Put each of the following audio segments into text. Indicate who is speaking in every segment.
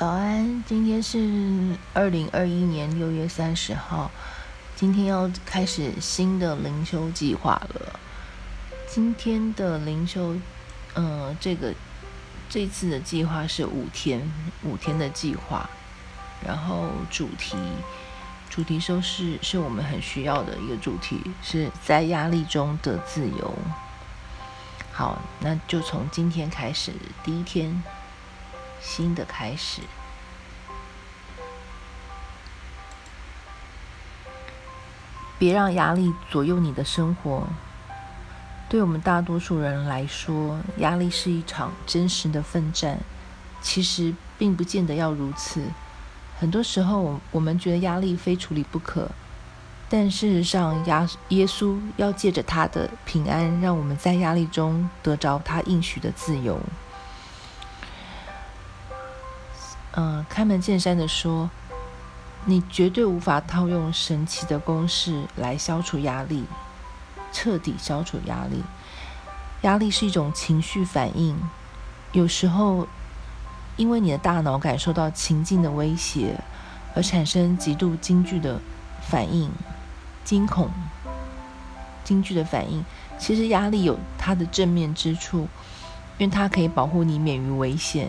Speaker 1: 早安，今天是二零二一年六月三十號，今天要開始新的靈修計劃了。今天的靈修，呃，這個這次的計劃是五天，五天的計劃。然後主題，主題收拾是，是我們很需要的一個主題，是在壓力中得自由。好，那就從今天開始，第一天。新的開始，別讓壓力左右你的生活。對我們大多數人來說，壓力是一場真實的奮戰。其實，並不見得要如此。很多時候，我我們覺得壓力非處理不可，但事實上，壓耶穌要借着他的平安，讓我們在壓力中得着他應許的自由。嗯，開門見山的說，你絕對無法套用神奇的公式來消除壓力，徹底消除壓力。壓力是一種情緒反應，有時候因為你的大腦感受到情境的威脅而產生極度驚懼的反應，驚恐、驚懼的反應。其實壓力有它的正面之處，因為它可以保護你免於危險。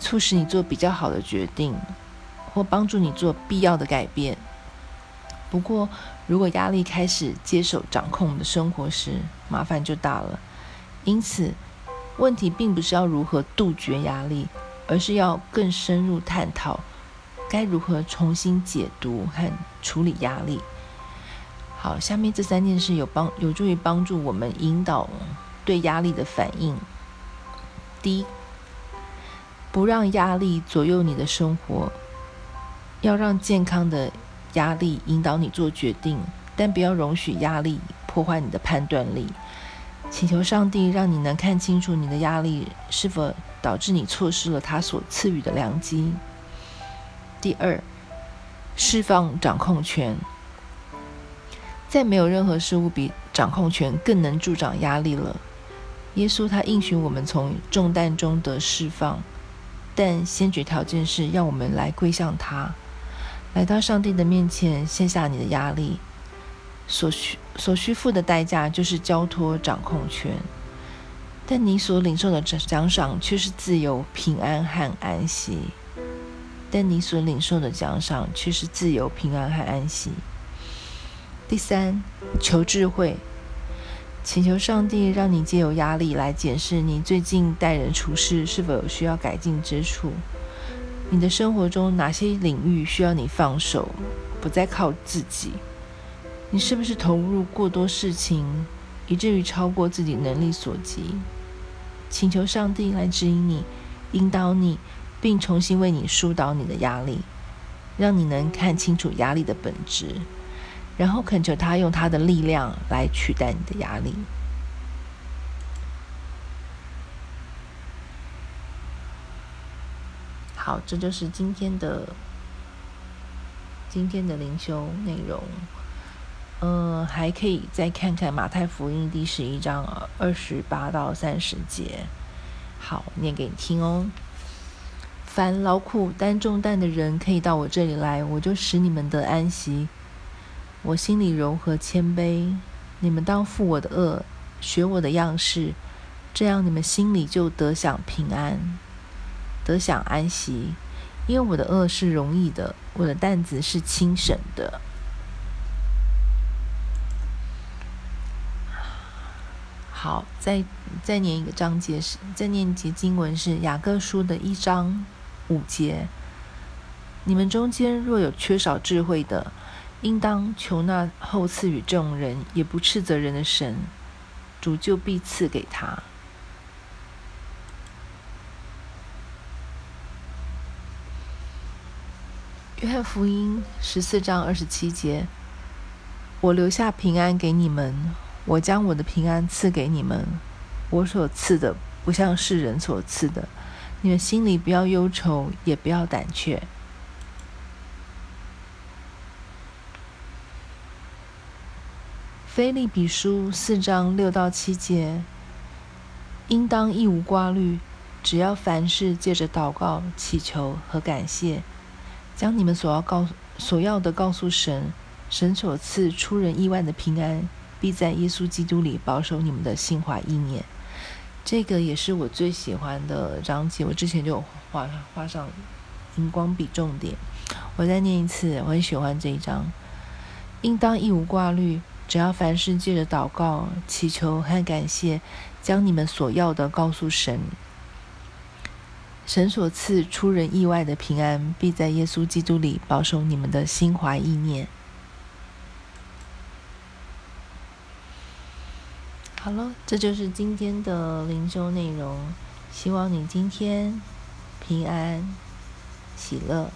Speaker 1: 促使你做比較好的決定，或幫助你做必要的改變。不過，如果壓力開始接手掌控我們的生活時，麻煩就大了。因此，問題並不是要如何杜絕壓力，而是要更深入探討該如何重新解讀和處理壓力。好，下面這三件事有幫有助於幫助我們引導對壓力的反應。第一。不讓壓力左右你的生活，要讓健康的壓力引導你做決定，但不要容許壓力破壞你的判斷力。請求上帝讓你能看清楚你的壓力是否導致你錯失了他所賜予的良機。第二，釋放掌控權。再沒有任何事物比掌控權更能助長壓力了。耶穌他應許我們從重擔中得釋放。但先決條件是，要我們來歸向他，來到上帝的面前，卸下你的壓力。所需所需付的代價就是交托掌控權，但你所領受的獎賞卻是自由、平安和安息。但你所領受的獎賞卻是自由、平安和安息。第三，求智慧。請求上帝讓你借由壓力來檢視你最近待人處事是否有需要改進之處。你的生活中哪些領域需要你放手，不再靠自己？你是不是投入過多事情，以至於超過自己能力所及？請求上帝來指引你，引導你，並重新為你疏導你的壓力，讓你能看清楚壓力的本質。然後懇求他用他的力量來取代你的壓力。好，這就是今天的今天的靈修內容。呃、嗯，還可以再看看馬太福音第十一章二十八到三十節。好，念給你聽哦。凡勞苦擔重擔的人，可以到我這裡來，我就使你們得安息。我心裡柔和謙卑，你們當負我的軛，學我的樣式，這樣你們心裡就得享平安，得享安息，因為我的軛是容易的，我的擔子是輕省的。好，再再念一個章節是，再念一節經文是雅各書的一章五節。你們中間若有缺少智慧的，應當求那厚賜與眾人也不斥責人的神，主就必賜給他。約翰福音十四章二十七節：我留下平安給你們，我將我的平安賜給你們，我所賜的不像世人所賜的，你們心裡不要憂愁，也不要膽怯。腓立比書四章六到七節，應當一無掛慮。只要凡事借着禱告、祈求和感謝，將你們所要告所要的告訴神，神所賜出人意外的平安，必在耶穌基督裡保守你們的心懷意念。這個也是我最喜歡的章節，我之前就有畫畫上熒光筆重點。我再念一次，我很喜歡這一章，應當一無掛慮。只要凡事借着禱告、祈求和感謝，將你們所要的告訴神，神所賜出人意外的平安，必在耶穌基督裡保守你們的心懷意念。好了，這就是今天的靈修內容。希望你今天平安喜樂。